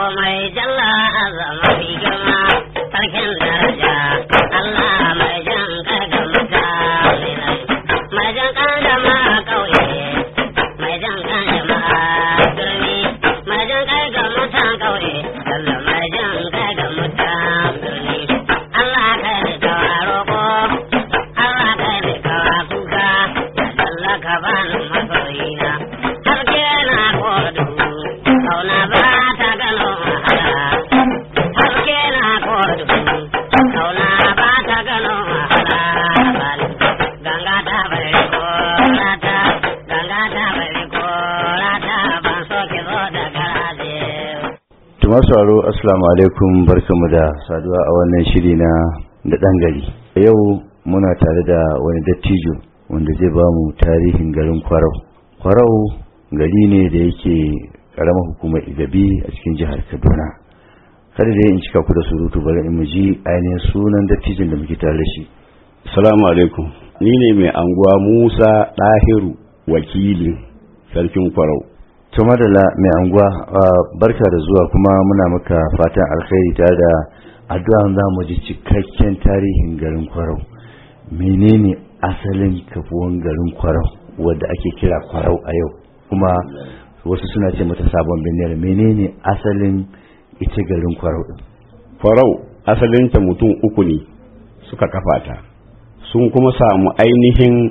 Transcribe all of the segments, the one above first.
komai jalla zama fi girma sarkin daraja masu aro assalamu alaikum barkamu da saduwa a wannan shiri na da ɗan gari yau muna tare da wani dattijo wanda zai ba mu tarihin garin kwarau kwarau gari ne da yake karamar hukumar igabi a cikin jihar kaduna kada da in cika ku da surutu bari in ji ainihin sunan dattijin da muke tare da shi assalamu alaikum ni ne mai anguwa musa ɗahiru wakilin sarkin kwarau to madalla mai anguwa barka da zuwa kuma muna maka fatan alkhairi tare da addu'a za mu ji cikakken tarihin garin kwarau menene asalin kafuwan garin kwarau wadda ake kira kwarau a yau kuma wasu suna ce mata sabon benin menene asalin ita garin kwarau din kwarau asalinta mutum uku ne suka kafa ta sun kuma samu ainihin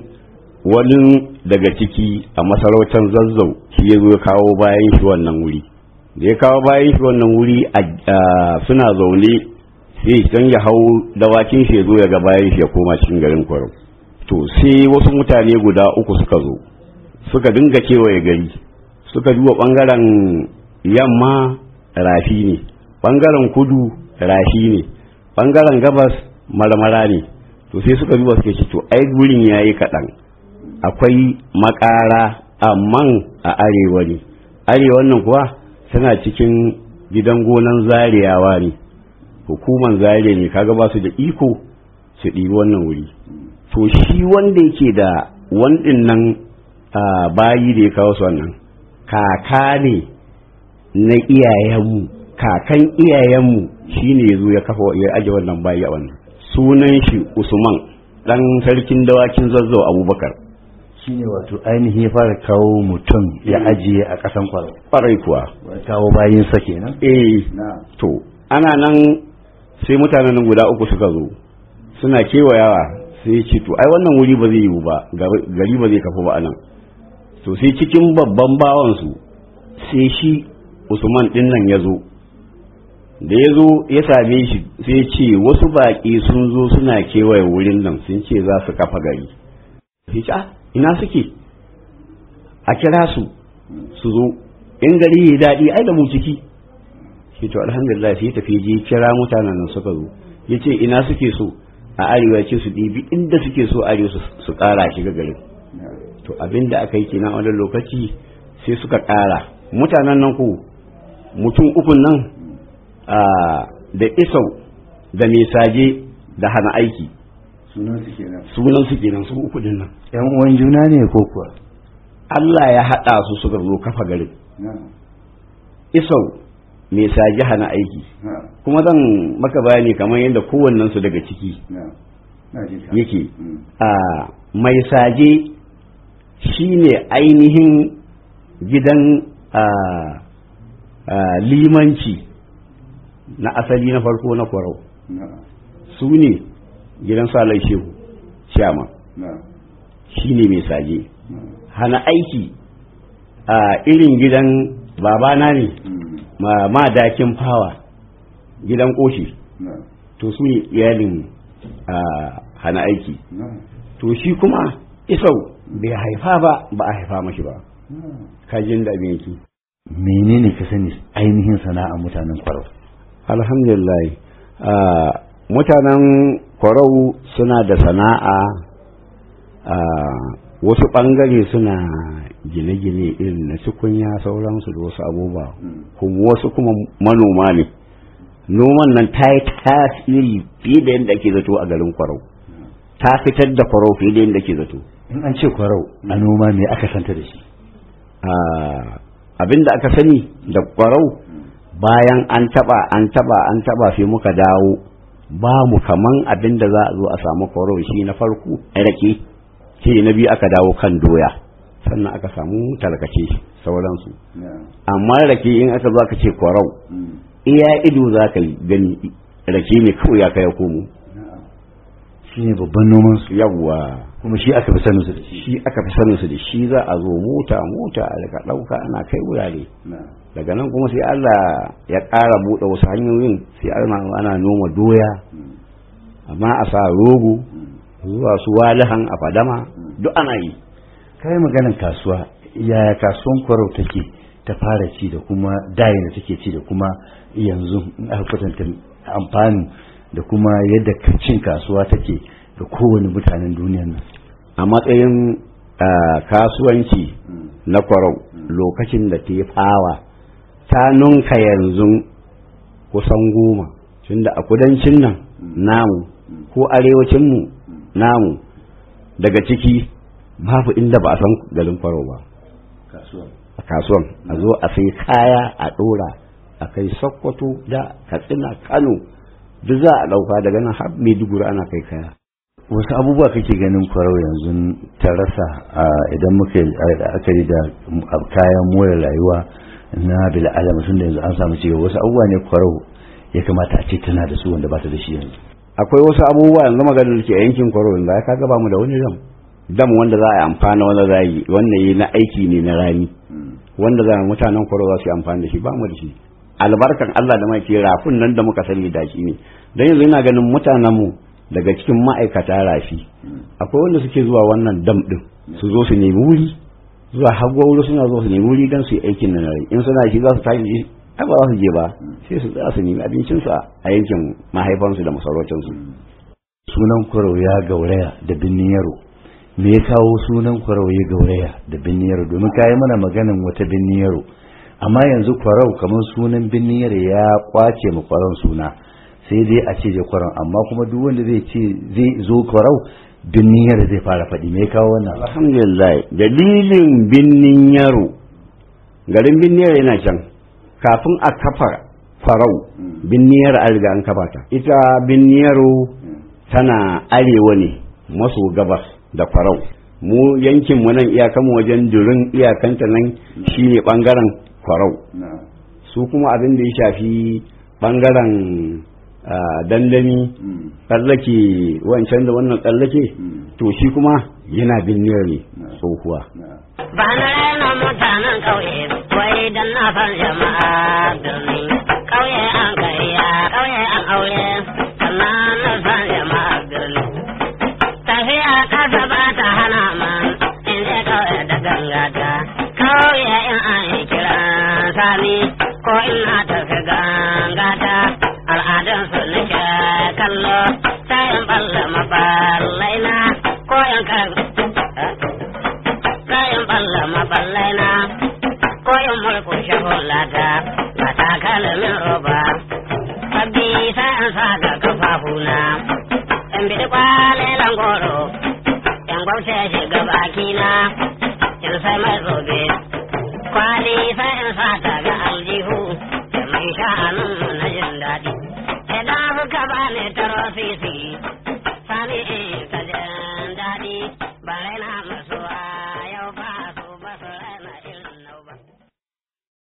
wani daga ciki a masarautar zazzau ya zo kawo bayan shi wannan wuri da ya kawo bayan shi wannan wuri a suna zaune sai can ya hau dawakin shi ya zo ya ga bayan shi ya koma cikin garin kwarau to sai wasu mutane guda uku suka zo suka dinga kewaye gari suka duba bangaren yamma rafi ne bangaren kudu rafi ne bangaren gabas marmara ne to sai suka duba suka ce to ai gurin yayi kaɗan akwai makara amman a arewa ne arewa nan kuwa suna cikin gidan gonan zariyawa ne hukuman zariya ne kaga ba su da iko su ɗi wannan wuri to shi wanda yake da wandin nan a bayi da ya kawo su wannan kaka ne na iyayenmu kakan iyayenmu shi ne ya zo ya kafa ya aje wannan bayi a wannan sunan shi usman ɗan sarkin dawakin zazzau abubakar shine wato ainihin ya fara kawo mutum ya mm. ajiye a kasan kwarai kuwa kawo bayan sa kenan eh to ana nan sai mutanen guda uku suka zo suna kewayawa sai ya ce to ai wannan wuri ba zai yiwu ba gari ba zai kafu ba anan to sai cikin babban bawan su sai shi Usman din nan ya zo da ya zo ya same shi sai ce wasu baƙi sun zo suna kewaye wurin nan sun ce za su kafa gari ina suke a kira su su zo in gari ya daɗi ai da mu ciki shi to alhamdulillah sai tafi je kira mutanen nan suka zo yace ina suke so a arewa ce su ɗibi inda suke so a arewa su ƙara shiga garin to abinda aka yi kenan wani lokaci sai suka ƙara mutanen nan ko mutum ukun nan ah, da isau da mesaje da hana aiki sunan su kenan su uku din nan yan uwan juna ne ko kuwa Allah ya haɗa su suka zo kafa gari. isau mai jiha na aiki kuma zan maka bayani kamar yadda kowannen su daga ciki yake mm. a mai saje shine ainihin gidan limanci na asali na farko na kwarau su ne gidan salai shehu shama shi ne mai saje hana aiki a irin gidan babana ne mm. ma dakin fawa gidan koshi to su ne iyalin hana aiki to shi kuma isau mm. bai haifa ba ba a haifa mashi ba kajin da yake menene ka sani ainihin sana'a mutanen kwarau alhamdulillah mutanen kwarau suna da sana'a wasu ɓangare suna gine-gine irin na cikunya sauransu da wasu abubuwa kuma wasu kuma manoma ne noman nan ta yi tasiri fiye da yadda ake zato a garin kwarau ta fitar da kwarau fiye da yadda ake zato in an ce kwarau a noma me aka santa da shi abin da aka sani da kwarau bayan an taba an taba an taba sai muka dawo ba mu kaman abin da za a zo a samu korowar shi na farko a rake ce na biyu aka dawo kan doya sannan aka samu tarkace sauransu amma rake in aka zo aka ce korau mm. iya ido za ka gani rake ne kawai ya kai komo shine babban noman su yawwa kuma shi aka fi sanin su da shi aka fi sanin su da shi za a zo mota mota a daga dauka ana kai wurare daga nan kuma sai Allah ya ƙara buɗe wasu hanyoyin sai ana noma doya hmm. amma a sa rogo hmm. zuwa su walihan a fadama hmm. duk ana yi kai maganin kasuwa yaya kasuwan kwarau take ta fara ci da kuma dayin da take ci da kuma yanzu a kwatanta amfani da kuma yadda cin kasuwa take da kowane mutanen duniya nan a matsayin kasuwanci hmm. na kwarau hmm. lokacin da ta yi fawa ta nunka yanzu kusan goma da a kudancin nan hmm. namu ko arewacinmu namu daga ciki babu inda ba a san garin kwarau ba a kasuwan a zo a sai kaya a dora a kai sokoto da katsina kano duk za a ɗauka daga nan har maiduguri ana kai kaya wasu abubuwa kake ganin kwarau yanzu ta rasa idan muka akari da kayan more rayuwa na bil'adama tun da yanzu an samu cewa wasu abubuwa ne kwarau ya kamata a ce tana da su wanda ba ta da shi yanzu akwai wasu abubuwa yanzu maganar da ke a yankin kwarau yanzu ya kaga mu da wani dam dam wanda za a yi amfana wanda za a yi wannan na aiki ne na rani hmm. wanda za mutanen kwarau za su yi amfani da shi ba mu da shi albarkan Allah da maki rafin nan da muka sani da shi ne don yanzu ina ganin mutanen mu daga cikin ma'aikata rafi akwai wanda suke zuwa wannan dam din su zo su nemi wuri zuwa hagu wuri suna zo su nemi wuri don su yi aikin nan rai in suna shi za su tashi a ba su je ba sai su za su nemi abincinsu a yankin mahaifansu da masaraucinsu sunan kwarauya gauraya da binni yaro me ya kawo sunan ya gauraya da yaro domin kayi mana maganin wata yaro amma yanzu kwarau kamar sunan binniyar ya kwace mu kwarau suna sai dai a ce je kwarau amma kuma duk wanda zai ce zai zo kwarau binniyar zai fara faɗi me kawo wannan alhamdulillah dalilin birnin garin binniyar yana can kafin a kafa kwarau binniyar yaro an riga an kafa ta ita binniyar tana arewa ne maso gabas da kwarau mu yankin mu nan iyakan wajen durin iyakanta nan shine bangaren kwarau su kuma abin da ya shafi bangaren dandami hmm. tsallake wancan da wannan tsallake hmm. to shi kuma yana bin ne tsohuwa ba na mutanen kauye wai don na ballena koyon mulku shagulata ba ta kalamin roba sabbi sa'an sa ga kafafuna in bi kwalelan goro in gwamce shiga bakina in sai mai zobe kwali sa'in sa ta ga aljihu da mai sha'anin na jin daɗi. Idan suka bani tarosisi